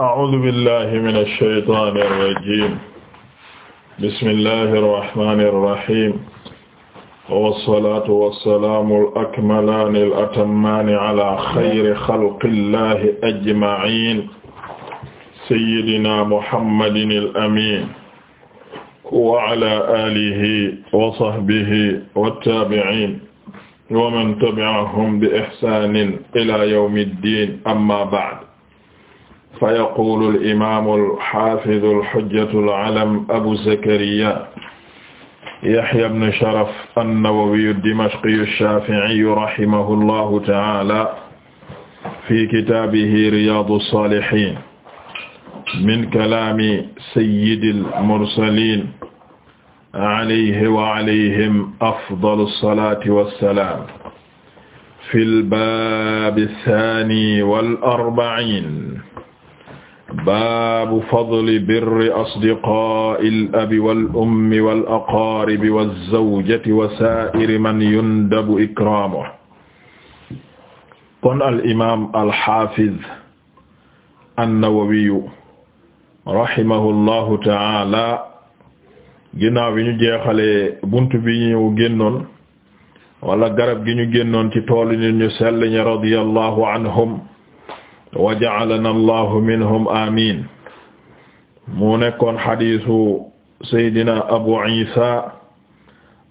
أعوذ بالله من الشيطان الرجيم بسم الله الرحمن الرحيم والصلاة والسلام الأكملان الأتمان على خير خلق الله أجمعين سيدنا محمد الأمين وعلى آله وصحبه والتابعين ومن تبعهم بإحسان إلى يوم الدين أما بعد fa yaqulu al-imaamu al-haafidu al-hujjatu al-alam abu zakariya yahya ibn sharaf an-nawawiyu ad-dimashqiyu ash-shaafi'iyu rahimahu llahu ta'aala fi kitaabihi riyaadu as-saalihiin min kalaami sayyidil mursaliin alayhi wa alayhim afdalu as-salaati was-salaam fil baabi ath-thaani wal-arba'iin baabu fadli birri asdiqaa'il abi wal ummi wal aqaaribi waz zawjati wa saa'iri man yundabu ikraamuhu. kon al imaam al xaafiz an-Nawawi rahimahullahu ta'aala ginnaaw bi ñu jeexalee bunt bi ñu génnoon wala garab gi ñu génnoon ci tool yi ñu sell ñi radiyallahu anhum wa ja'alana allahu minhum amin mu nekkoon xadiisu saydina abu isa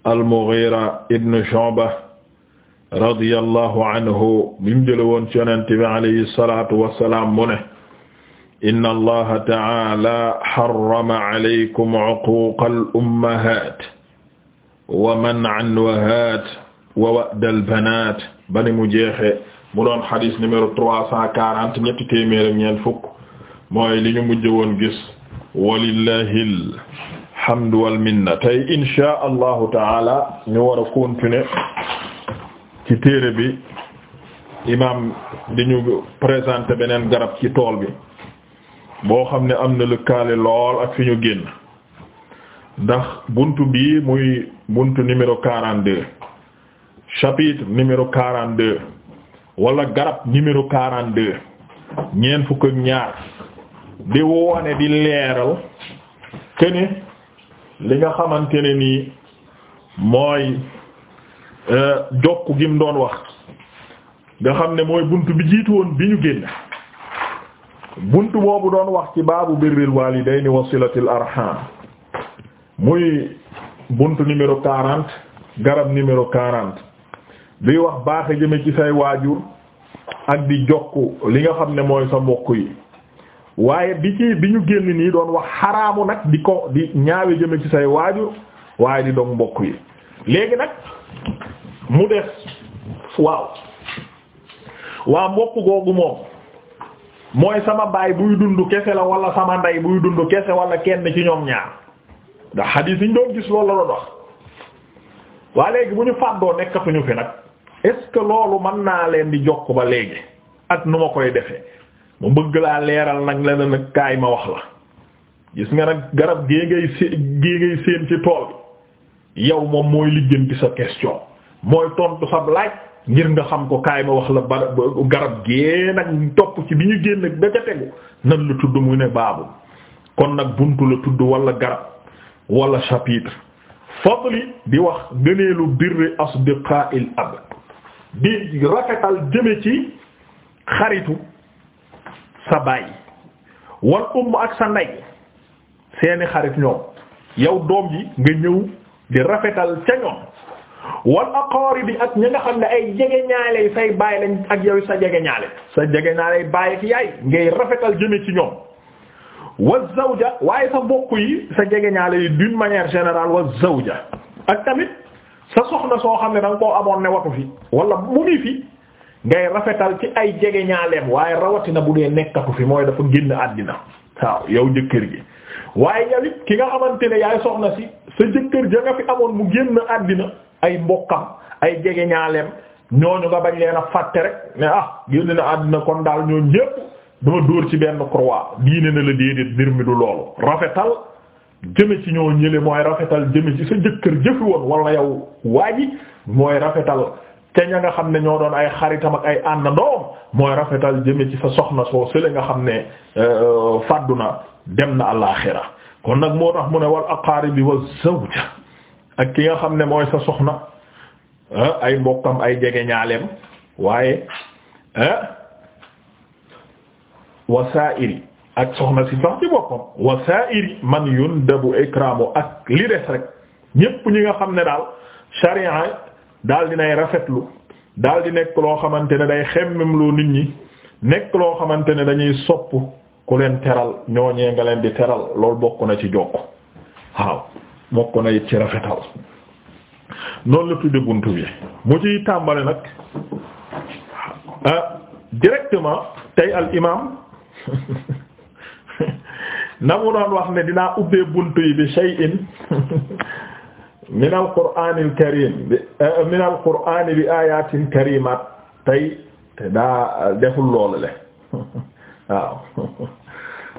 al-Mughira ibn Shu'ba radiyallahu anhu bim jële woon ci Yonent bi alayhi salaatu wa salaam mu ne inna allaha ta'ala harrama alaykum uquuqa al-ummahaat wa man'a an-nuhaat wa wa'da al-banaat bani mu jeexe mu doon xadis numéro trois cent quarante ñetti téeméer ak ñeent fukk mooy li ñu mujj woon gis walillahi alhamdu wal minna tey insha allahu taala ñu war a continuer ci téere bi imam di ñu présenter beneen garab ci tool bi boo xam ne am na lëkkaale lool ak fi ñu génn ndax buntu bii muy buntu numéro quarante deux chapitre numéro quarante deux wala garab numéro 42 ñeent fukk ak ñaar di woone di leeral kene li nga xamante ne nii mooy euh, jokk gi mu doon wax nga xam ne mooy bunt bi jiitu woon bi ñu génn bunt boobu doon wax ci baabu birril walidayni wasilatil arham muy bunt numéro 40 garab numéro 40 di wax baax jëme ci say waajur ak di jokk li nga xam ne mooy sa mbokk yi waaye bi ci bi ñu génn nii doon wax xaraamu nag di ko di ñaawe jëme ci say waajur waaye di dog mbokk yi léegi nag mu des waaw waa mbokk googu moom mooy sama baay buy dund kese la wala sama ndey buy dund kese wala kenn ci ñoom ñaar ndax xadiis yi ñu doon gis loolu la doon waa léegi bu ñu fàddoo nekkatuñu fi nag est-ce loolu mën naa leen di jokk ba léegi ak nu ma koy defee mu bëgg laa leeral nag la na kaay ma wax la gis nga nag garab gée ngay sé gée ngay séen ci tool bi yow moom mooy lijjanti sa question mooy tontu sab laaj ngir nga xam ko kaay ma wax la ba garab gée nag topp ci bi ñu génn da ca tegu nan la tudd mu ne baabu kon nag buntu la tudd wala garab wala chapitre fadli di wax lu birri asdiqa'il ab di rafetal jëme ci xaritu sa baay wal umm ak sa ndey seeni xarit ñoom yow doom yi nga ñëw di rafetal ca ñoom wal aqaari ak ña nga xam ne ay jege ñaale yi say baay lañ ak yow sa jege sa jege ñaale baay ak yaay ngay rafetal jëme ci ñoom wa zawja waaye sa bokk yi sa jege ñaale yi d'une manière générale wa zawja ak tamit sa soxna soo xam ne da nga koo amoon ne watu fi wala mu ngi fi ngay rafetal ci ay jege ñaaleem waaye rawatina bu dee nekkatu fi mooy dafa génn àddina waaw yow jëkkër gi waaye yow ki nga xamante ne yaay soxna si sa jëkkër ja nga fi amoon mu génn àddina ay mbokkam ay jege ñaaleem ñooñu nga bañ leen a fàtte rek ne ah génn na àddina kon daal ñoo ñépp dama dóor ci benn croix diine na la déedéet mbir mi du loolu rafetal jëme ci ñoo ñële mooy rafetal jëme ci sa jëkkër jëfi woon wala yow waa ji mooy rafetal te ña nga xam ne ñoo doon ay xaritam ak ay àndandoom mooy rafetal jëme ci sa soxna soo sële nga xam ne euh, fàddu na dem na àllaaxira kon nag moo tax mu ne wal aqaaribi wa zawja ak ki nga xam ne mooy sa soxna euh, ay mbokkam ay jege ñaaleem waaye euh, wasaa'iri ak soxna si sax ci boppam wa sa'iri man yundabu ikramu ak li des rek ñépp ñi nga xam ne daal sharia daal dinay rafetlu dal di nekk loo xamante ne day xemmem loo nit ñi nekk loo xamante ne dañuy sopp ku leen teral ñooñee nga leen di teral loolu bokk na ci jokk waaw bokk na it ci rafetal noonu la tudde buntu bi mu ci tàmbale nag ah, directement tey al imam na mu doon wax ne dinaa ubbee bunt yi bi shay'in min al qur'aanil karim eh, min al qur'aani bi ayatin karimat tey te daa deful loolu le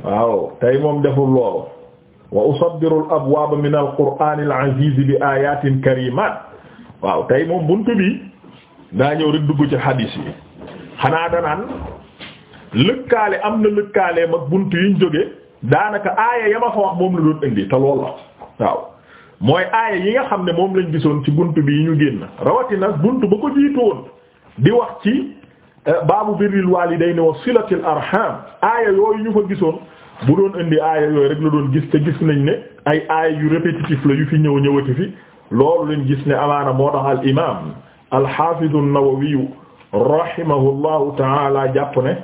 waaw tey moom deful loolu wa usaddiru al abwaab min al qur'aani al aziz bi ayatin karimat waaw tey moom buntu bi daa ñëw rek dugg ci xadiis yi xanaa danaan lëkkaale am na lëkkaale mag buntu yiñ jóge daanaka aaya ya fa wax moom la doon indi te loolu la waaw mooy aaya yi nga xam ne moom lañ gisoon ci bunt bi yi ñu génn rawatina bunt ba ko jiitu woon di wax ci eh, baabu birril waalidayni wa silatil arham aaya yooyu ñu fa gisoon bu doon indi aaya yooyu rek la doon gis te gis nañ ne ay aaya yu répétitif la yu fi ñëw ñëwati fi loolu lañ gis ne amaana moo tax al imam al hafiz an-Nawawi rahimahullahu ta'ala jàpp ne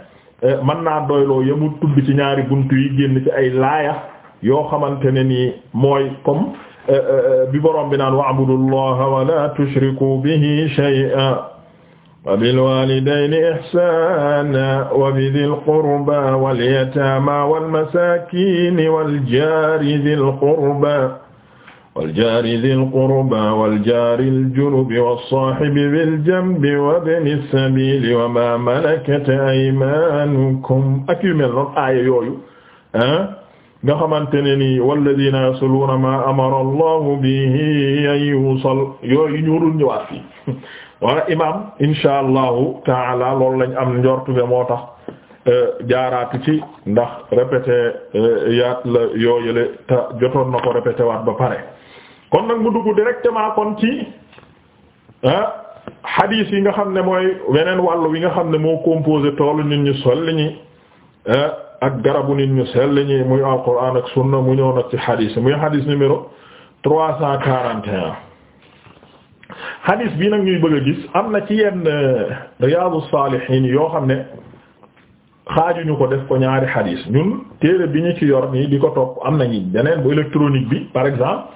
Euh, mën naa doyloo yemu tudd ci ñaari buntu yi génn ci ay laaya yoo xamante ne nii mooy comme euh, euh, bi borom bi naan wa'budullaha wa la tushriku bihi shay'an wa bil walidayni ihsana wa bi dhil qurba wal yatama wal masakin wal jari dhil qurba waljaari dil qurba waljaari ljunubi wassaahibi biljambi wabni sabili wa maa malakat aymaanukum ak yu mel noonu aaya yooyu ah nga xamante ne nii walladiina yasluuna maa amara allahu bihi an yuusal yooyu ñu warul ñëwaat fii wala imaam inshaa allahu taala loolu lañ am njortu be moo tax eh, jaaraatu ci ndax répété eh, yaat la yooyule te jotoon na ko répété waat ba pare kon nag mu dugg directement kon ci hadith ah, yi nga xam ne mooy weneen wàll wi nga xam ne moo composé toolu nit ñu sell ñi ah, ak garabu nit ñu sell ñi muy alquran ak sunna mu ñëw nag ci hadith muy hadith numéro trois cent quarante et un hadith bii nag ñuy bëgg a gis am na ci yenn eh, Riyadus Salihin yoo xam ne xaajuñu ko def ko ñaari hadith ñun téere bi ñu ci yor nii di ko topp am nañu beneen bu électronique bi par exemple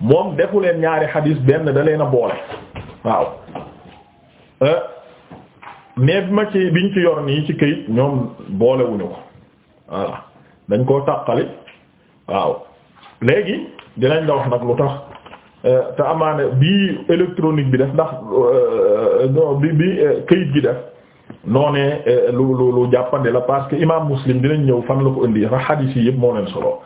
moom defu leen ñaari xadiis benn da leen a boole waaw eh, mais bi ma ci biñ ci yor nii ci këyit ñoom boolewuñu ko voilà dañ koo tàqali waaw léegi dinañ la wax nag lu tax eh, te amaane bii électronique bi def ndax eh, non bi bi këyit gi def noo ne lu lu lu jàppandi la parce que imam muslim dinañ ñëw fan la ko indi rax xadiis yi yëpp moo leen solo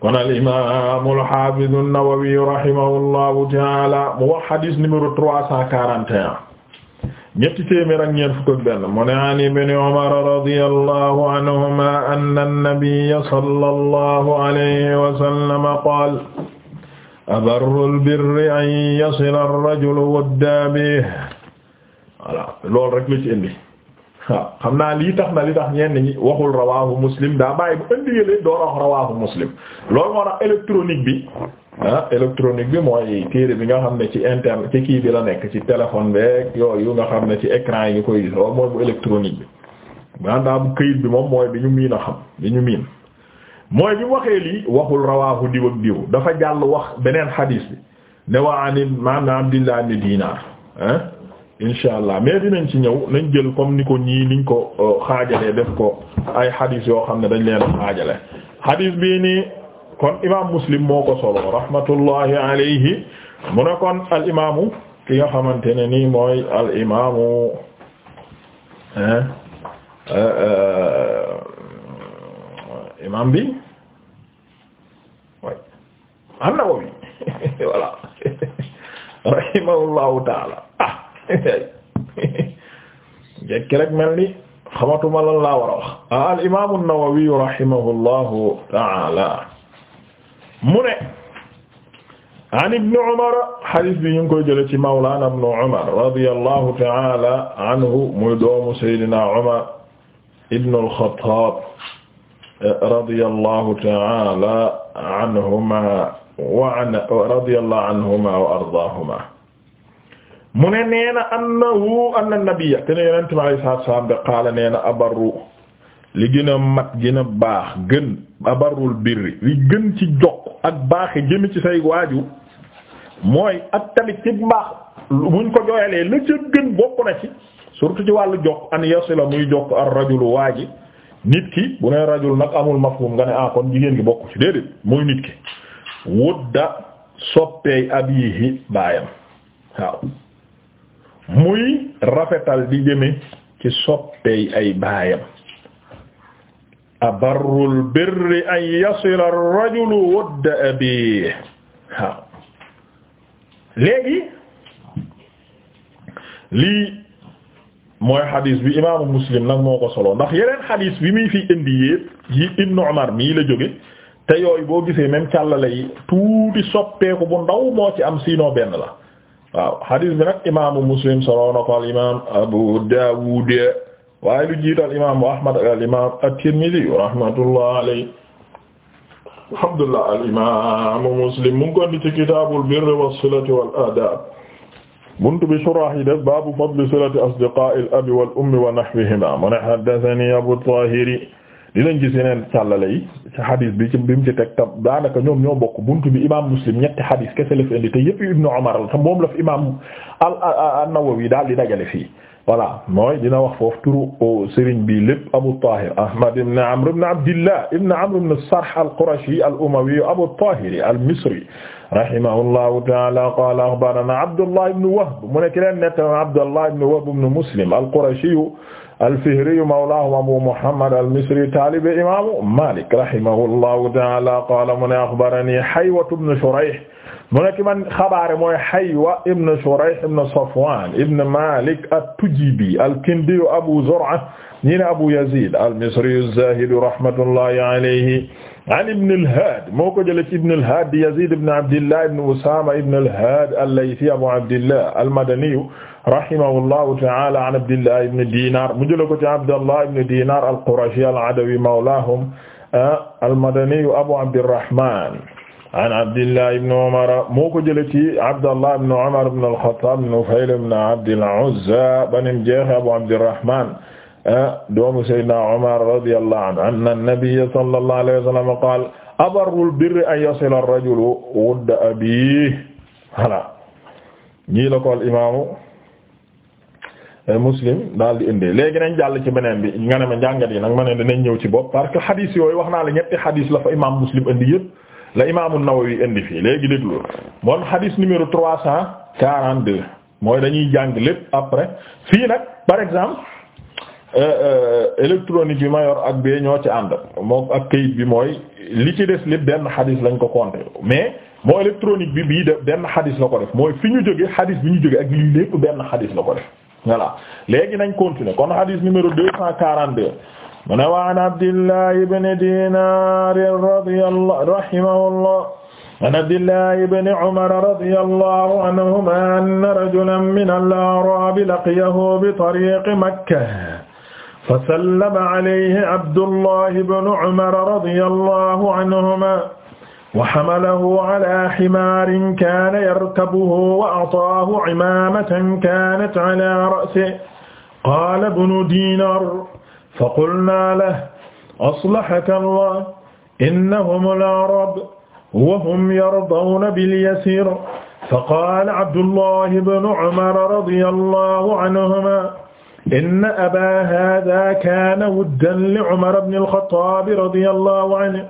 kon al imaam al haafiz an-Nawawi rahimahullahu ta'ala mu wax hadis numéro trois cent quarante et un ñetti téeméer ak ñeent fukk ak benn mu ne an ibni Umar radiyallahu anhuma anna an-nabiyya sallallahu alayhi wa sallam qaala abarru al-birri an yasila ar-rajulu wadda bihi voilà loolu rek la ci indi waaw xam naa lii tax na li tax ñenn ñi waxul rawaahu muslim daa bàyyi bu indigalee door a wax rawaahu muslim loolu moo tax électronique bi ah électronique bi mooy téere bi nga xam ne ci internet ci kii bi la nekk ci téléphone beeg yooyu nga xam ne ci écran yi nga koy gis loolu mooy bu électronique bi maanaam bu këyit bi moom mooy bi ñu miin a xam bi ñu miin mooy bi waxee lii waxul rawaahu diw ak diw dafa jàll wax beneen xadiis bi ne waa anin maanaam Abdillah ibn Dinar ah insha allah mais dinañ ci ñëw nañ jël comme ni ko ñii niñ ko euh, xaajalee def ko ay xadiis yoo xam ne dañ leen xaajale xadiis bii nii kon imaam muslim moo ko solo rahmatullahi alayhi mu ne kon al imaamu ki nga xamante ne nii mooy al imaamu euh, euh, imaam bi way an-Nawawi voilà rahimahullahu taala ah, jekki rek mel ni xamatuma lan laa war a wax al imaamu Nawawi rahimahullahu taala mu ne an ibni Umar hadis bi ñu ngi koy jële ci mawlaana ibnu Umar radiyallahu taala anhu muy doomu Seydina Umar ibnu al-Xattaab radiyallahu taala anhuma wa radiyallahu anhuma wa ardaahuma mu ne nee na annahu anna nabiyya te ne yonent bi alayhi salaatu salaam de qaala nee na abarru li gëna a mat gën a baax gën abarrul birri li gën ci jokk ak baaxe jëmi ci say waaju mooy ak tamit ci mbaax muñ ko jooyalee la ca gën bokk na ci surtout ci wàll jokk an yasila muy jokk ar rajulu waa ji nit ki bu ne rajul nag amul mafhum nga ne ah kon jigéen gi bokk ci déedéet muy nit ki wudda soppeey abiihi baayam waaw muy rafetal di jëme ci soppeey ay baayam abarrul birri an yasila ar-rajulu wadda abiih waaw léegi lii mooy xadis bi imaamu muslim nag moo ko solo ndax yeneen xadis bi muy fi indi yépp yi ibnu umar mii la jóge te yooyu boo gisee même càllale yi tuuti soppeeku bu ndaw moo ci am siinoo benn la waaw hadith bi nag imaamu muslim solo na ko al imaam abu daawud waaye lu jiitu al imaamu ahmad al imaam at-tirmidhi rahmatullah alayhi alhamdulillah al imaamu muslim mu ngi ko indi ci kitaabul birri was-silati wal aadaab buntu bi shurah yi def baabu fadli silati asdiqaa'il abi wal ummi wa nahwihimaa mu ne haddathanii abu taahiri dinañ gis yeneen càllale yi ci xadis bi ci bi mu ci teg daanaka ñoom ñoo bokk buntu bi imam muslim ñetti xadis kese la fi indi te yëpp ibnu Umar la te la fi imam an-Nawawi daal di dajale fii voilà mooy dina wax foofu turu sëriñ bi lépp Abu Tahir Ahmad ibn Amr ibn Abdillah ibn Amr ibn Sarh al-Qurashi al-Umawi Abu Tahir al-Misri rahimahullahu ta'ala qala akhbarana Abdullah ibn Wahb mu ne ki leen nettali Abdullah ibn Wahb ibn Muslim al-Qurashi al-Fihriyu mawlaahum Abu Muhammad al-Misri taalibe imaamu Maalik rahimahullahu ta'aala qaala mu ne axbaranii Haywatu ibn Shurayh mu nekk man xabaare mooy Haywa ibn Shurayh ibn Safwaan ibn Maalik at-Tujiibi al-Kindiyu Abu Zur'a ñi ne Abu Yaziid al-Misri az-Zaahid rahmatullahi alayhi an ibn al-Had moo ko jëlee ci ibn al-Had di Yazid ibn Abdillah ibn Usaama ibn al-Had al-Laythi Abu Abdillah al-Madani rahimahullahu ta'ala an Abdillah ibn Dinar mu jëlee ko ci Abdallah ibn Dinar al-Qurashi al-Adawi mawlahum ah, al-Madani Abu Abdirrahman an Abdillah ibn Umar moo ko jëlee ci Abdallah ibn Umar ibn al-Khattab ibn Nufayl ibn Abdil Uzza banim jeex Abu Abdirrahman Eh, doomu Seydina Umar radiyallahu anhu anna nabiyya sallallahu alayhi wa sallam qaala abarrul birri an yasila ar-rajulu wudda abiihi voilà ñii la ko al imaamu eh, Muslim daal di indee léegi nañ jàll ci beneen bi nga ne ma njàngat yi nag ma ne dinañ ñëw ci bopp parce que xadis yooyu wax naa la ñetti xadis la fa imaam Muslim indi yëpp la imaamu Nawawi indi fii léegi déglu moom xadis numéro trois cent quarante-deux mooy dañuy jàng lépp après fii nag par exemple. Euh, euh, électronique bi ma yor ak bee ñoo ci ànd moom ak kayit bi mooy li ci des lépp benn xadis lañ ko compter mais moo électronique bi bii de benn xadis la ko def mooy fi ñu jóge xadis bi ñu jóge ak lii lépp benn xadis la ko def voilà léegi nañ continuer kon xadis numéro deux cent quarante-deux mu ne wa an Abdillah ibn Dinar radiyallahu rahimahullah an Abdillah ibn Umar radiyallahu anhuma anna rajulan min al-a'rab laqiyahu bi tariq Makkah fasallama alayhi abdullahi bnu umar radiyallahu anhuma wa hamalahu ala himaarin kaana yarkabuhu wa ataahu imaamatan kaanat ala ra'sihi qaala bnu diinaar faqulnaa lahu aslahaka allah innahum al-arab wa hum yardawna bil-yasiir faqaala abdullahi bnu umar radiyallahu anhuma inna abaa haadaa kaana wuddan li Umar ibn al-Khattaab radiyallahu anhu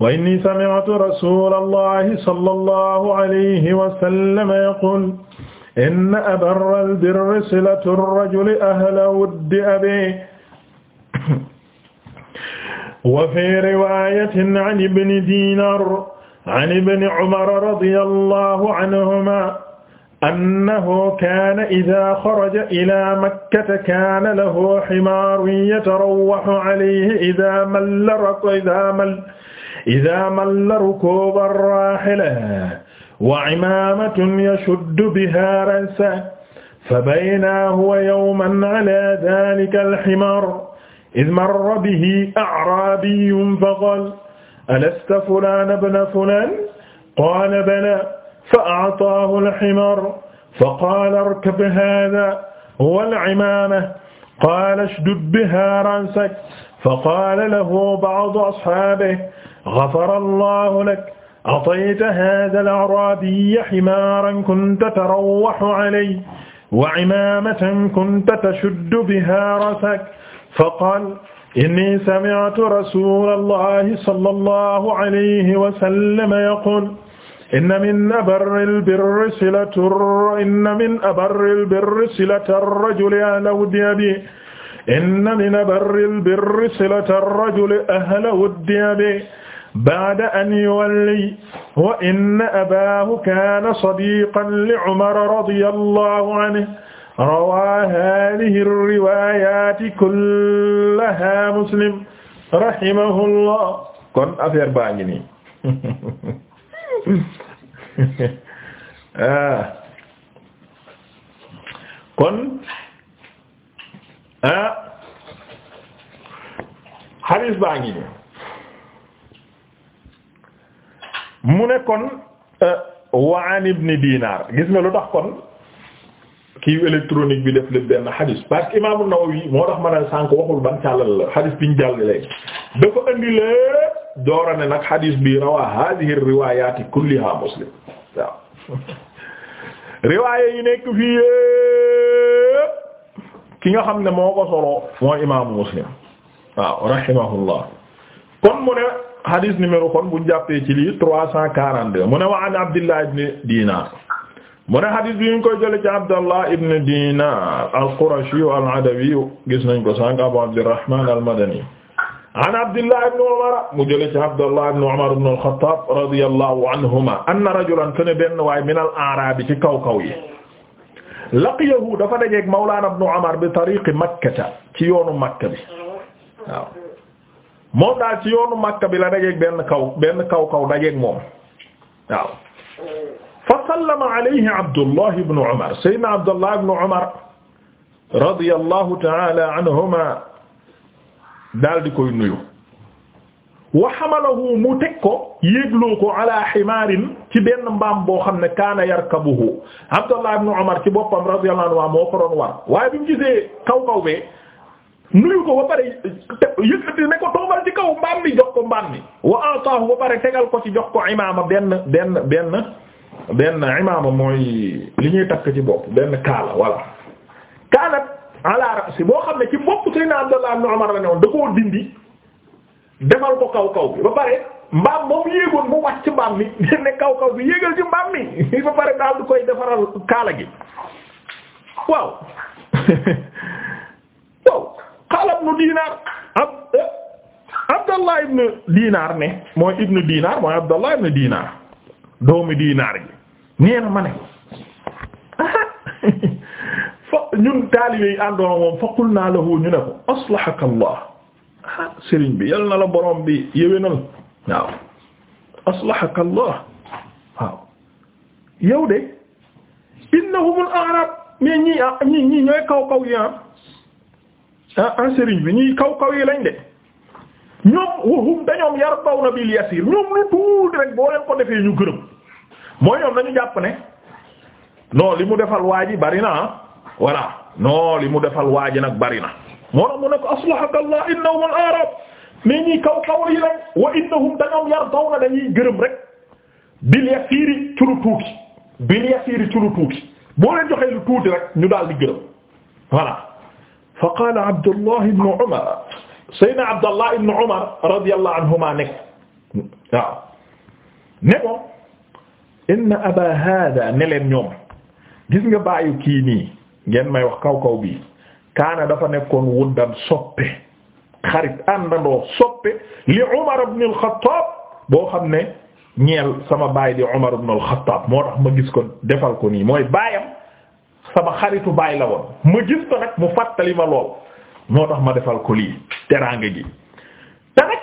wa inni sami'tu rasuulallahi sallallahu alayhi wa sallam yaqul inna abarra al-birri silatu ar-rajuli ahla wuddi abiihi wa fii riwaayatin an ibni Diinaar an ibni Umar radiyallahu anhumaa annahu kaana idaa xaraja ilaa makkata kaana lahu ximaarun yatarawwaxu alayhi idaa malla idaa malla rukuuba raahila wa cimaamatun yashuddu bihaa ra'sahu fabaynaa huwa yawman calaa zaalika alximaar iz marra bihi acraabiyyun faqaala alasta fulaana bna fulaan qaala balaa fa a'taahu al-himar fa qaala irkab haadha wal-'imaama qaala ishdud bihaa ransak fa qaala lahu ba'du ashaabihi ghafara allahu lak a'tayta haadha al-a'raabiyya himaaran kunta tarawwahu alayhi wa 'imaamatan kunta tashuddu bihaa ra'sak fa qaala innii sami'tu rasuula allahi sallallahu alayhi wa sallam yaquulu inna min abarril birri silatu inna min abarril birri silata rajuli ahla wuddi abi inna min abarril birri silata rajuli ahla wuddi abi ba'da an yuwalli wa inna abaahu kaana sadiiqan li Umara radiyallahu anhu rawaa haadihi riwaayaati kullahaa Muslim rahimahullah kon affaire baa ngi nii Ah. kon ah xadiis baa ngi nii mu ne kon ah, wa an dinar gis nga lu tax kon kii électronique bi def lépp benn xadiis parce que imaamu Nawawi ma ne sànk waxul ban càllal la xadiis biñ jàll léegi dafa indi lépp doora ne nag xadiis bi rawaa hadihi riwaayaati kulliha muslim waaw riwaaya yi nekk fii yépp ki nga xam ne moo ko solo mooy imaamu muslim waaw rahimahullah kon mu ne xadiis numéro kon bu jàppee ci lii trois cent quarante-deux mu ne wa an abdillah ibn dinar mu ne xadis bi ñu koy jële ci dinar al qurashi al adawi gis nañ ko sànq abu abdirrahman al madani an Abdullah ibn Umar mu jëlee ci Abdullah ibn Umar ibn al-Khattab radiyallahu anhuma anna rajulan kana benn waay min al-a'rab ci kaw kaw yi laqiyahu dafa dajeeg Mawlana ibn Umar bi tariqi Makkata ci yoonu Makka bi waaw moom daal ci yoonu Makka bi la dajeeg benn kaw benn kaw kaw dajeeg moom waaw fa sallama alayhi Abdullah ibn Umar sayyidina Abdullah ibn Umar radiyallahu ta'ala anhuma daal di koy nuyu wa hamalahu mu teg ko yéegloo ko ala ximaarin ci benn mbaam boo xam ne kaana yarkabuhu Abdallah ibn Umar ci boppam radiyallahu anhu waa moo ko doon war waaye bi mu kaw kaw bee nuyu ko ba pare yëkkati ko toogal ci kaw mbaam mi jox ko mbaam mi wa ataahu ba pare tegal ko ci jox ko imaama benn benn benn benn imaama mooy li ñuy takk ci bopp benn kaala voilà kaala ala ra'si boo xam ne ci bopp Seydina Abdallah ibn Umar la ne woon da koo dindi defal ko kaw kaw bi ba pare mbaam moom yéegoon mu wàcc mbaam mi ne kaw kaw bi yéegal ci mbaam mi ba pare daal du koy defaral kaala gi waaw waaw xaalat nu diinaar ab eh, Abdallah ibn diinaar ne mooy ibn diinaar mooy Abdallah ibn diinaar doomi diinaar gi nee na ma ne ñun taalibe yi àndoona moom fa qulna lahu ñu ne ko aslahaka allah ah sëriñ bi yal na la borom bi yéwénal waaw aslahaka allah waaw yow de innahumul arab mais ñii ah, ñii ñii ñooy kaw kaw yi ah. ah ah sëriñ bi ñii kaw kaw yi lañ de ñoom wahum dañoom yarbawna bil yasir ñoom lu tuuti rek boo leen ko defee ñu gërëm mooy ñoom dañu jàpp ne non li mu defal waa ji bari na ah. voilà non li mu defal waaji nag bari na moo tax mu ne ko aslahaka allah innahum al arab mais ñii kaw kaw yi rek wa innahum dañoo yar daw na dañuy gërëm rek bil yasiiri ci lu tuuti bil yasiiri ci lu tuuti boo leen joxee lu tuuti rek ñu daal di gërëm voilà fa qaala abdullah ibn umar sayyidina abdullah ibn umar radiyallahu anhuma ne ko waaw ne ko inna aba hada ne leen ñoom gis nga bàyyi kii nii ngeen may wax kaw kaw bii kaana dafa nekkoon wuddan soppe xarit àndandoo soppe li Umar ibn al boo xam ne ñeel sama baay di Umar ibn al moo tax ma gis ko defal ko nii mooy baayam sama xaritu baay la woon ma gis ko nag mu fàttali ma lool moo tax ma defal ko lii teraanga gi te nag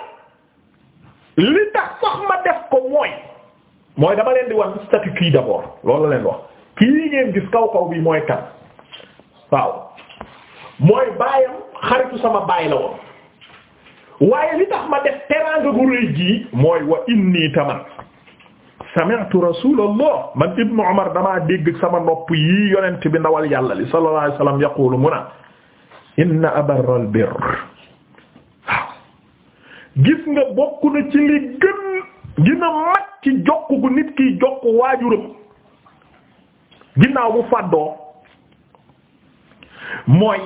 li tax sax ma def ko mooy mooy dama leen di wan statut kii d'abord loolu la leen wax kii ngeen gis kaw kaw bi mooy kan waaw mooy baayam xaritu sama baay la woon waaye li tax ma def teraanga gu rëy mooy wa inni taman sami'tu rasulallah man ibnu umar damaa dégg sama nopp yi yonent bi ndawal yàlla li sallallahu alayhi wasallam yaqulu mu na inna abarral gis nga bokk na ci li gën gën a mat ci jokk gu nit kiy jokk waajuram ginnaaw bu fàddoo mooy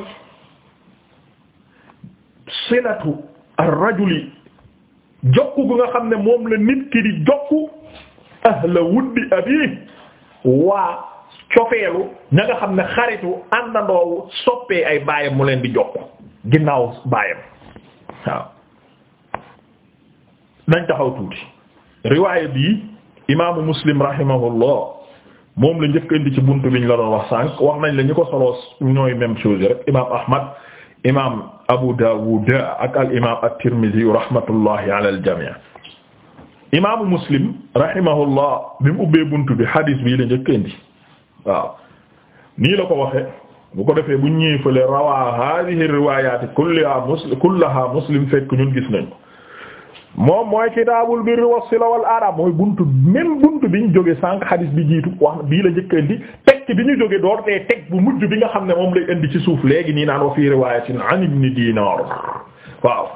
silatu ar-rajuli jokk gu nga xam ne moom la nit ki di jokk ahla wuddi abi waa cofeelu ña nga xam ne xaritu àndandoowu soppee ay baayam mu leen di jokk ginnaaw baayam waaw nañ taxaw tuuti riwaaya bi imaamu muslim rahimahullah moom la njëkk indi ci buntu bi ñu la doon wax sànq wax nañ la ñu ko solo ñooy même chose rek imaam Ahmad imaam Abu Dawud ak al imaam at-Tirmidhi rahmatullahi ala al-jami' imaamu Muslim rahimahullah bi mu ubbee buntu bi hadith bi la njëkk indi nii la ko waxee bu ko defee bu ñëwee fële rawaa hadhihi riwaayaati kullaha muslim muslim fekk ñun gis nañ moom mooy kitaabul birri was-sila wal adab mooy buntu même buntu bi ñu jóge sànq xadis bi jiitu wax bii la njëkk indi teg bi ñu jóge door tee teg bu mujj bi nga xam ne moom lay indi ci suuf léegi nii naan wa fii riwaayatin an ibni dinar waaw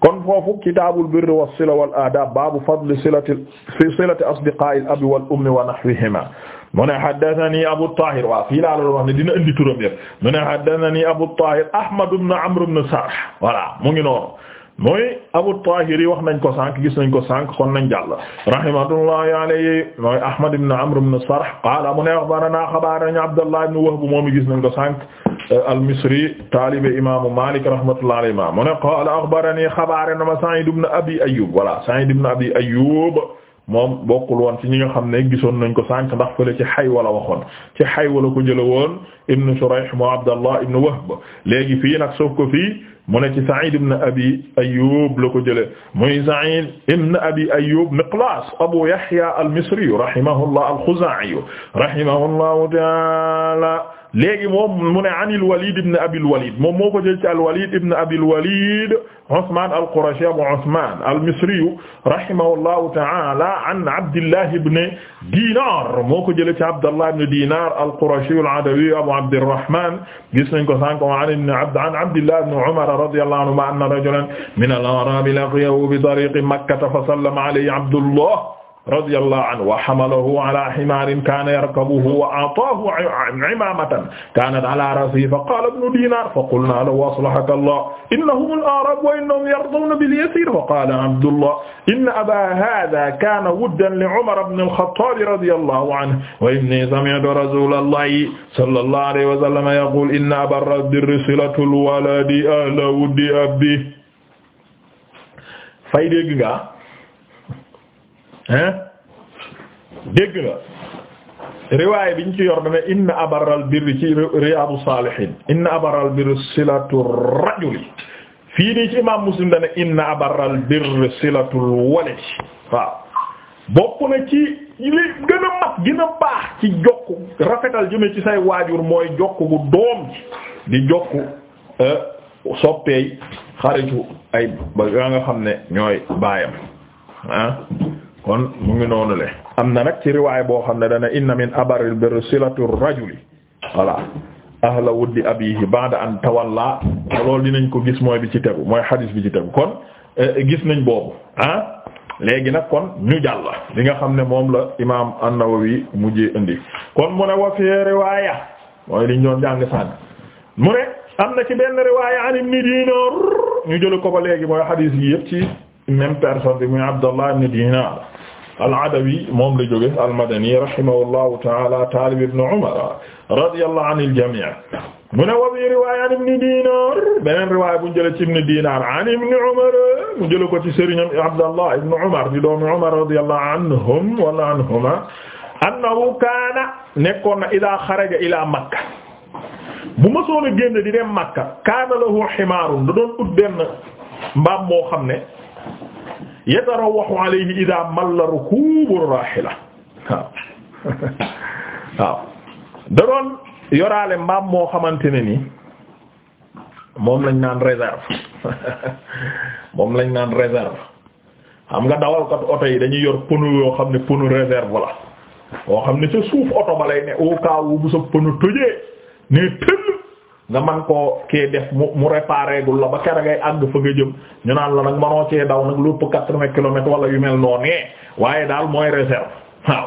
kon foofu kitaabul birri was-sila wal adab baabu fadli silati fi silati asdiqa'il abi wal ummi wa nahwihima mu ne haddathani Abu Tahir waaw laa doon wax ne dina indi turam yëpp mu ne haddathani Abu Tahir Ahmad ibn Amr ibn Sarh voilà mu ngi noonu mooy Abu Tahir yi wax nañ ko sànq gis nañ ko sànq kon nañ jàll rahimatullahi alayhi mooy Ahmad ibn Amr ibn Sarh qaala mu ne axbaranaa xabaranaa Abdullah ibn Wahb moom gis nañ ko sànq euh, al-Misri taalibe imaamu Maalik rahmatullahi alayhi ma mu ne qaala axbaranii xabaranaa ma Sa'id ibn Abi Ayyub voilà Sa'id ibn Abi Ayyub moom bokkul woon ci ñi nga xam ne gisoon nañ ko sànq ndax fële ci Haywa la waxoon ci Haywa la ko jëlee woon Ibn Shurayh moo Abdallah ibn Wahb léegi fii nag soof ko fii mu ne ci Sa'id ibn Abi Ayyub la ko jëlee muy Sa'id ibn Abi Ayyub Miqlas Abu Yahya al-Misri rahimahullah al-Khuza'i rahimahullahu ta'ala léegi moom mu ne an al-Walid ibn Abi al-Walid moom moo ko jël ci al-Walid ibn Abi al-Walid Usman al-Qurashi Abu Usman al-Misri rahimahullahu ta'ala an Abdullah ibn Dinar moo ko jëlee ci Abdullah ibn Dinar al-Qurashi al-Adawi Abu Abdirrahman gis nañ ko sànq an Abdullah ibn Umar radiyallahu anhuma anna rajulan min al-A'rab laqiyahu bi tariqi Makkah fa sallama alayhi Abdullah radiyallahu anhu wa hamalahu ala himaarin kaana yarkabuhu wa a'taahu imaamatan kaanat ala ra'sihi fa qaala ibnu diinaar fa qulnaa lahu aslahaka allah innahum al-a'raab wa innahum yarduuna bil-yasiir fa qaala abdullah inna abaa haadhaa kaana wuddan li umar ibn al-khattaab radiyallahu anhu wa innii sami'tu rasuulallahi sallallahu alayhi wa sallam yaquulu inna abarra birri silatul waladi ahla wuddi abbihi fay dégg nga hein la riwaay bi ñu ci yor dana inna abaral birri ci riyaadu saalihiin inna abaral birri silatu rajuli fii nii ci imaam muslim dana inna abaral birri silatul waladi waaw ci li gën ci jokk rafetal jëme ci say waajur mooy jokk bu doom di jokk euh, soppeey xaritu ay ba nga xam ne ñooy baayam ah kon mu ngi noonu le am na nag ci riwaay boo xam ne dana inna min abaril birri silatu rajuli voilà ahla wuddi abihi ba'da an tawalla loolu dinañ ko gis mooy bi ci tegu mooy xadis bi ci tegu kon eh, gis nañ boobu ah nag kon ñu jàll li nga xam ne moom la imaam an-Nawawi mujjee indi kon mu ne wa riwaaya mooy liñ doon jàng sànni mu ne am na ci benn riwaaya an ibn Dinar ñu jël ko ba léegi mooy xadis yi yëpp ci même personne bi muy Abdallah ibn Dinar al-Adawi moom la jóge al-Madani rahimahullahu ta'ala taalib ibn Umar radiyallahu anil jami' mu ne wa bi riwaaya an ibn Dinar beneen riwaaya bu ñu jëlee ci ibn Dinar an ibn Umar mu jëlee ko ci sëriñam Abdallah ibn Umar di doomi Umar radiyallahu anhum wala anhuma annahu kaana nekkoon na ila xaraja ila Makka bu ma soona génn di dem Makka kaana lahu himaarun da doon ut benn mbaam moo xam ne yatarawwahu alayhi idaa malla rukuubu raahila waaw waaw da yoraale mbaam moo xamante ne ni moom lañ naan réserve moom lañ naan réserve xam nga dawalkat oto yi dañuy yor pneu yoo xam ne pneu réserve la boo xam ne ca suuf oto ba lay ne au cas bu sa pneu tojee ne tëll nga man koo kee def mu mu réparé la ba kera ngay àgg fa nga jëm ñu naan la nag manoo cee daw nag lu ëpp quatre-vingts kilomètres wala yu mel noonee waaye daal mooy réserve waaw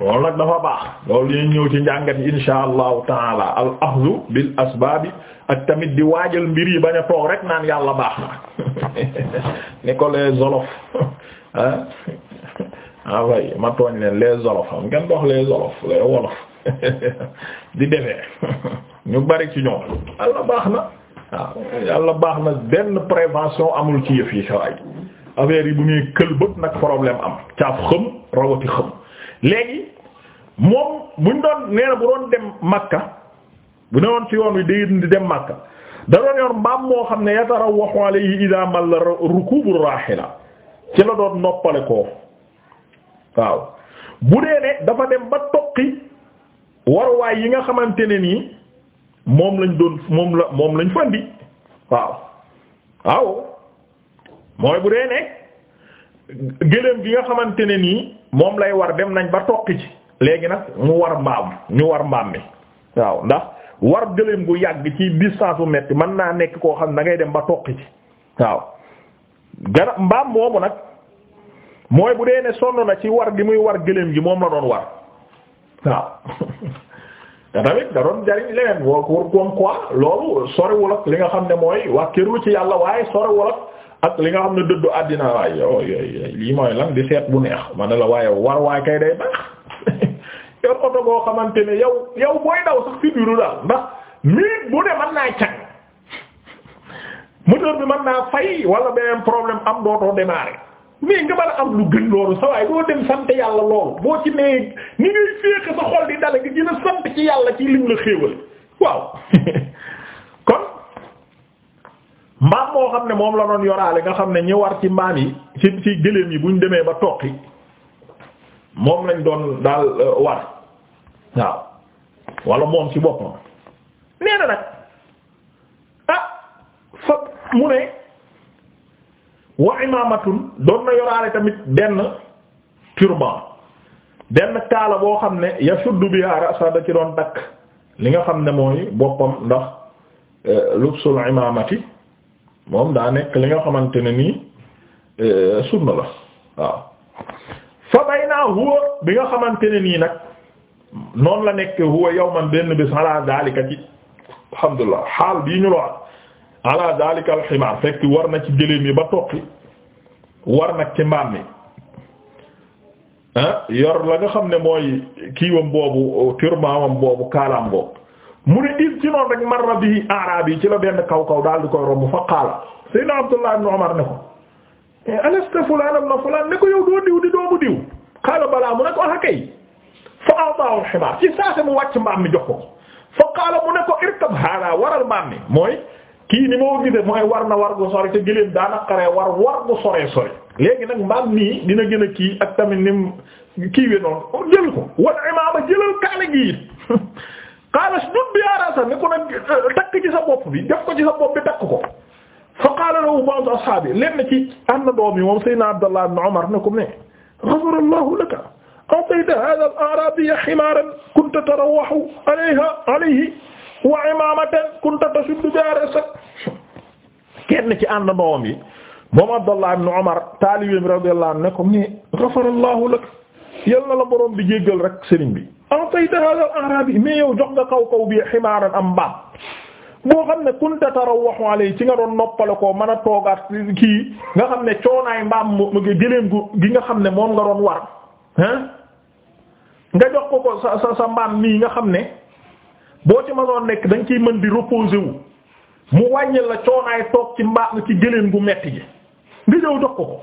loolu nag dafa baax loolu ñu ñëw ci njàngat yi insha allahu taala al axdu bil asbaabi ak tamit di waajal mbir yi bañ a toog rek naan yàlla baax na ni ko ah, les zolof ah ah ngeen dox les zolof les wolof di defee ñu bari ci ñoom yàlla baax na waaw yàlla baax na benn prévention amul ci yëf yi sawaay affaire bu ñuy këlbët nag problème am caaf xëm rawati xëm léegi moom buñ doon nee na bu doon dem Makka bu ne woon ci yoon wi day di dem Makka da doon yor mbaam moo xam ne yatarawwahu alayhi ida mal rukubu rahila ci la doon noppale ko waaw bu dee ne dafa dem ba toqi waruwaay yi nga xamante ne nii moom lañ doon moom la moom lañ fandi waaw aw mooy bu dee ne gëléem gi nga xamante ne nii moom lay war dem nañ ba toqi ci léegi nag mu war mbaam ñu war mbaam mi waaw ndax war gëléem gu yàgg ci distance bu metti mën naa nekk koo xam da ngay dem ba toqi ci waaw garab mbaam moomu nag mooy bu dee ne sonn na ci war gi muy war gëléem gi moom la doon war waaw te tamit da doon jariñ leneen woo pour comme quoi loolu sorewul li nga xam ne mooy wax këru ci yàlla waaye sorewul ak li nga xam ne dëddu àddina waaye yo mooy lan di seet bu neex ma ne la waaye war waay kay day baax yor oto boo xamante ne yow yow booy daw sax fi biiru daal ndax minute bu ne mën naa cag moteur bi mën naa fay wala beneen problème am dootoo démarrer mais nga ba a am lu gën loolu sa waay dem sant yàlla loolu boo ci nee ni ngay féex sa xol di dale nga gën a ci yàlla ci lim la xéewal waaw kon mbaam moo xam ne moom la doon yoraale nga xam ne ñi war ci mbaam yi ci ci gëléem yi bu ñu demee ba toqi moom lañ doon daal euh, war waaw wala moom ci boppam nee nag ah fa mu ne wa imaamatun doon na yoraale tamit benn turban benn kaala boo xam ne yasuddu biha ra'sa da ci doon dakk li nga xam ne mooy boppam ndax eh, lubsul imaamati moom daa nekk li nga xamante ne nii eh, sunna la waaw fa bayna huwa bi nga xamante ne nii nag noon la nekk huwa yawman benn bis ala dalika ci alhamdulillah xaal bii ñu lo ala dalika alximaar fekk war na ci gëléem yi ba toqi war nag ci mbaam mi ah, yor la nga xam ne mooy kiiwam boobu turbaawam boobu kaalaam boobu mu ne is ci noonu rek marra bi araab yi ci la benn kaw kaw daal di koy romb fa qaala sayyidina Abdullah ibn Umar ne ko eh, alasta fulaan ibn fulaan ne ko yow doo diw di doomu diw qaala balaa mu ne ko ah kay fa a'taahu al-himaar ci saa si mu wàcc mbaam mi jox ko fa qaala mu ne ko irkab haadaa waral mbaam mi mooy kii ni moo gisee mooy war na war gu sori te gëléem daana xaree war war gu soree sori léegi nag mbaam nii dina gën a kii ak tamit nim kii we noonu oh, jël ko wala imaama jëlal kaala gi it xaala dut bi yaaraasa ni ko nag eh, takk ci sa bopp bi def ko ci sa bopp bi takk ko fa qaala lahu ba'd ashaabi lenn ci am na doom yi moom saydna Abdallah ibn Umar ne ko ne ghafara Allahu laka a'tayta hadha al-a'rabiyya himaaran kunta tarawwahu alayha alayhi wa imamaten kunta tashuddu jaarasak kenn ci ànd ndoom yi moom Abdallah ibn Umar taalibeem radiyallahu anhu ne ko mais ghafarallahu lak yal na la borom bi jéggal rek sëriñ bi atayta hadha al-arabi mais yow jox nga kaw kaw bi ximaaran am mbaam boo xam ne kunta tarawahu alay ci nga doon noppale ko mën a toogaat kii nga xam ne coonaay mbaam mu gëléem gu gi nga xam ne moom nga doon war ah nga jox ko ko sa sa mbaam mii nga xam ne boo ci mënoon nekk da nga ciy mën di reposer wu mu wàññil la coonaay toog ci mbaa ci gëléen gu metti gi nga ñëw jox ko ko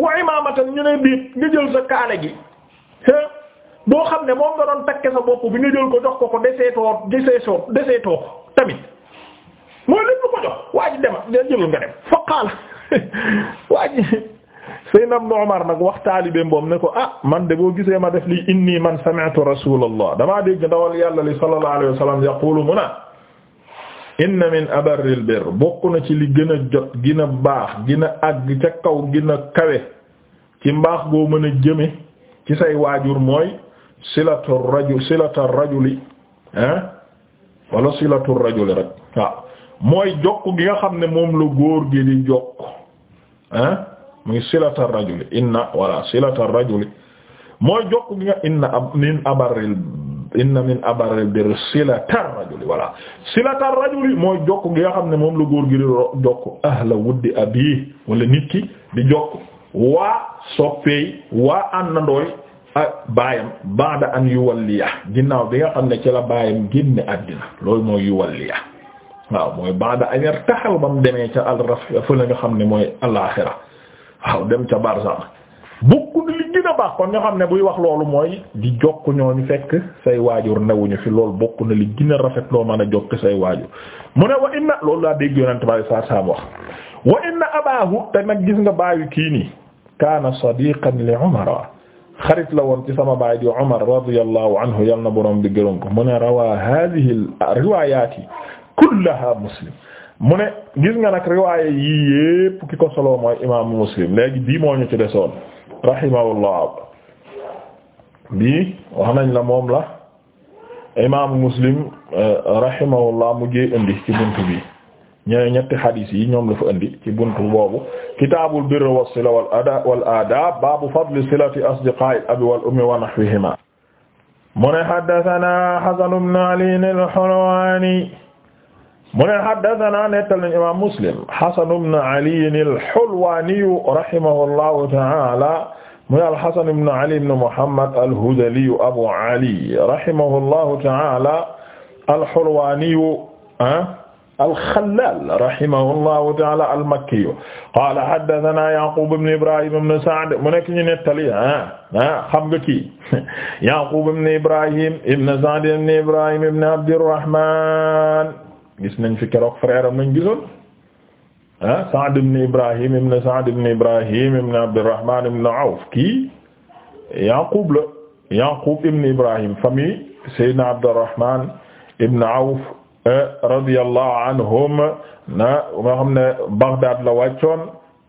wa imaamatan ñu ne biit nga jël sa kaale gi boo xam ne moom nga doon takke sa bopp bi nga jël ko jox ko ko deseetoo deseetoo deseetoo ko tamit mooy lépp ko jox waa ji dema jëlul nga dem fa qaala waa ji Seydina Ibn Umar nag wax taalibeem boobu ne ko ah man de boo gisee ma def li inni man sami'tu rasulallah damaa dégg ndawal yàlla li sallallahu alayhi wa sallam yaqulu mu na bokk na ci li gën a jot gën a baax gën kaw gën kawe ci mbaax boo mën a jëme ci say waajur mooy silatu rajul silatu rajuli ah wala silatu rajuli rek waaw mooy jokk gi nga xam ne moom la góor gi di jokk ah muy silata rajuli inna wala silata rajuli mooy jokk gi nga inna ab min abaril inna min abaril bir silata rajuli wala silata rajuli mooy jokk gi nga xam ne moom la góor gi di jokk ahla wuddi abi wala nit ki di jokk waa soppeey waa àndandooy ak baayam baada an yuwalliya ginnaaw bi nga xam ne ci la baayam génne àddina loolu mooy yuwalliya waaw mooy baada an yartaxal ba demee ca al raf fa la nga xam ne mooy alaaxira waaw dem ca barsax bokku li gën a baax kon ñoo xam ne buy wax loolu mooy di jokk ñooñu fekk say waajur newuñu fi loolu bokk na li gën a rafet loo mën a jokk say waajur mu ne wa inna loolu laa dégg yonent bari saa saam wax wa inna abaahu te nag gis nga baayu kii nii kaana sadiqan li umara xarit la woon ci sama baay di umar radiyallahu anhu yal na borom bi gërëm ko mu ne rawaa hadhihi riwaayaati kullaha muslim mu ne gis nga nag riwaaye yii yépp ki ko solo mooy imaamu muslim léegi bii moo ñu ci desoon rahimahullah bii wax nañ la moom la imaamu muslim euh, rahimahullah mu jee indi ci bunt bi ñee ñetti xadiis yi ñoom la fa indi ci bunt boobu kitaabul birr was sila wal ada wal adab baabu fadli silati asdiqa'i abi wal ummi wa nahwihima mu ne haddathana hasan ibn ali al hulwani mu ne haddathana nettal nañ imam Muslim Hasan ibn Ali al-Hulwani rahimahullahu ta'ala muy al-Hasan ibn Ali ibn Muhammad al-Hudhali Abu Ali rahimahullahu ta'ala al-Hulwani ah, al-Khallal rahimahullahu ta'ala al-Makki qala haddathana Ya'qub ibn Ibrahim ibn Sa'd mu nekk ñu nettali ah ah xam nga kii Ya'qub ibn Ibrahim ibn Sa'd ibn Ibrahim ibn Abdirrahman gis nañ fi keroog frère am nañ gisoon ah Sa'd ibn Ibrahim ibn Sa'd ibn Ibrahim ibn Abdurrahman ibn Awf kii Yaqub la Yaqub ibn Ibrahim famille Seydina Abdurrahman ibn Awf eh, radiyallahu anhum na nga xam ne Baghdad la wàccoon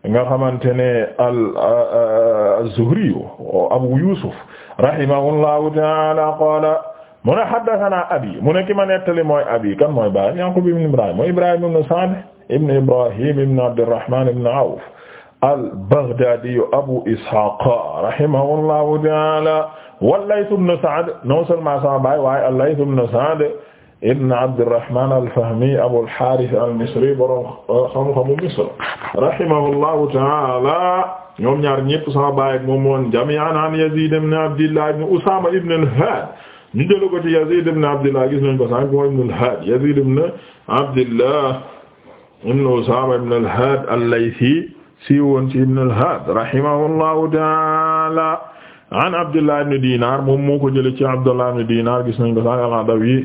nga xamante ne al-Zuhri eh, eh, Abu Yusuf rahimahullahu ta'ala qala mu ne haddathana abi mu ne ki ma nettali mooy abi kan mooy baay Yaqub ibn Ibrahim mooy Ibrahim ibn Sa'd ibn Ibrahim ibn Abdurrahman ibn Awf al-Baghdadi Abu Ishaq rahimahullahu ta'ala wal-Layth ibn Sa'd non seulement sama baay waaye al-Layth ibn Sa'd ibn Abdurrahman al-Fahmi Abu al-Harith al-Misri borom euh, xam-xamu Misr rahimahullahu ta'ala ñoom ñaar ñépp sama baay ak moom woon jami'an an Yazid ibn Abdillah ibn Usama ibn al-Had ñu jëlu ko ci Yazid ibn Abdillah gis nañ ko sànq mooy ibn al-Had Yazid ibn Abdillah ibn Usama ibn al-Had al-Laythi si woon ci ibn al-Had rahimahullahu ta'ala an Abdillah ibn Dinar moom moo ko jëlee ci Abdullah ibn Dinar gis nañ ko sànq al-Adawi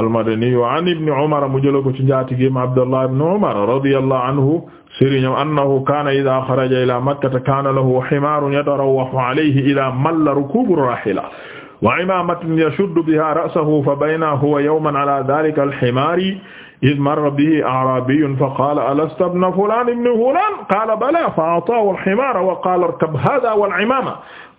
al-Madani wa an ibn Umar mu jëlu ko ci njaatigéem Abdullah ibn Umar radiyallahu anhu sëriñam annahu kaana idaa xaraja ilaa Makkata kaana lahu himaarun yatarawwahu alayhi idaa malla rukuubu raahila wa imaamatin yashuddu bihaa ra'sahu fa baynaa huwa yawman alaa dhaalika al-himaari iz marra bihi a'raabiyyun fa qaala alasta ibna fulaan ibni fulaan qaala balaa fa a'taahu al-himaara wa qaala irkab haadhaa wal-imaama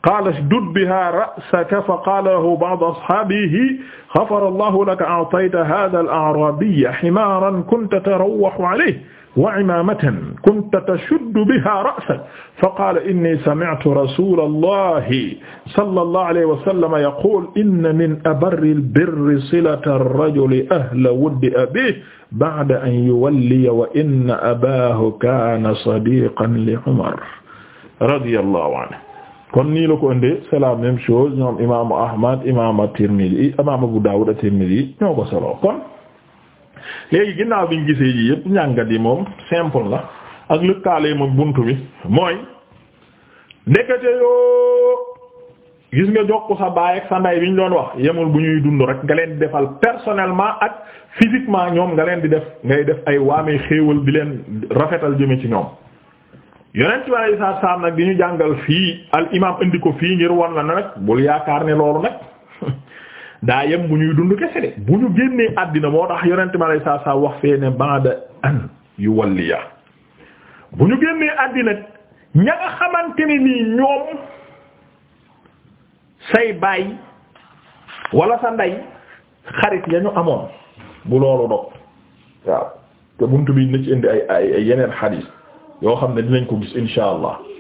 qaala ishdud bihaa ra'saka fa qaala lahu ba'du ashaabihi ghafara allaahu laka a'tayta haadhaa al-a'raabiyya himaaran kunta tarawwahu alayhi wa imaamatan kunta tashuddu bihaa ra'sak fa qaala innii sami'tu rasuulallaahi sallallahu alayhi wa sallam yaquulu inna min abarril birri silata rajuli ahla wuddi abiihi ba'da an yuwalliya wa inna abaahu kaana sadiiqan li Umar radiyallaahu anhu kon nii la ko indee c'est la même chose ñoom imaamu Ahmad imaamu Tirmidhi imaamu Abu Daawud Tirmidhi ñoo ko solo kon léegi ginnaaw bi ñu gisee ji yëpp njàngat yi moom simple la ak lëkkaale moom bunt bi mooy ndekete yoo gis nga jokk sa baay ak sa ndey bi ñu doon wax yemul bu ñuy dund rek nga leen di defal personnellement ak physiquement ñoom nga leen di def ngay def ay waamee xéewal di leen rafetal jëme ci ñoom yonent bi alei nag di ñu jàngal fii al imam indi ko fii ngir won la na nag bul yaakaar ne loolu nag daa yem bu ñuy dund kese de bu ñu génnee àddina moo tax yonent ma lay saa saa wax fee ne ba'da an yu walliya bu ñu génnee àddina ña nga xamante ne nii ñoom say baay wala sa ndey xarit ya ñu amoon bu loolu dog waaw te buntu bi na indi ay ay yeneen xadiis yoo xam ne dinañ ko gis insha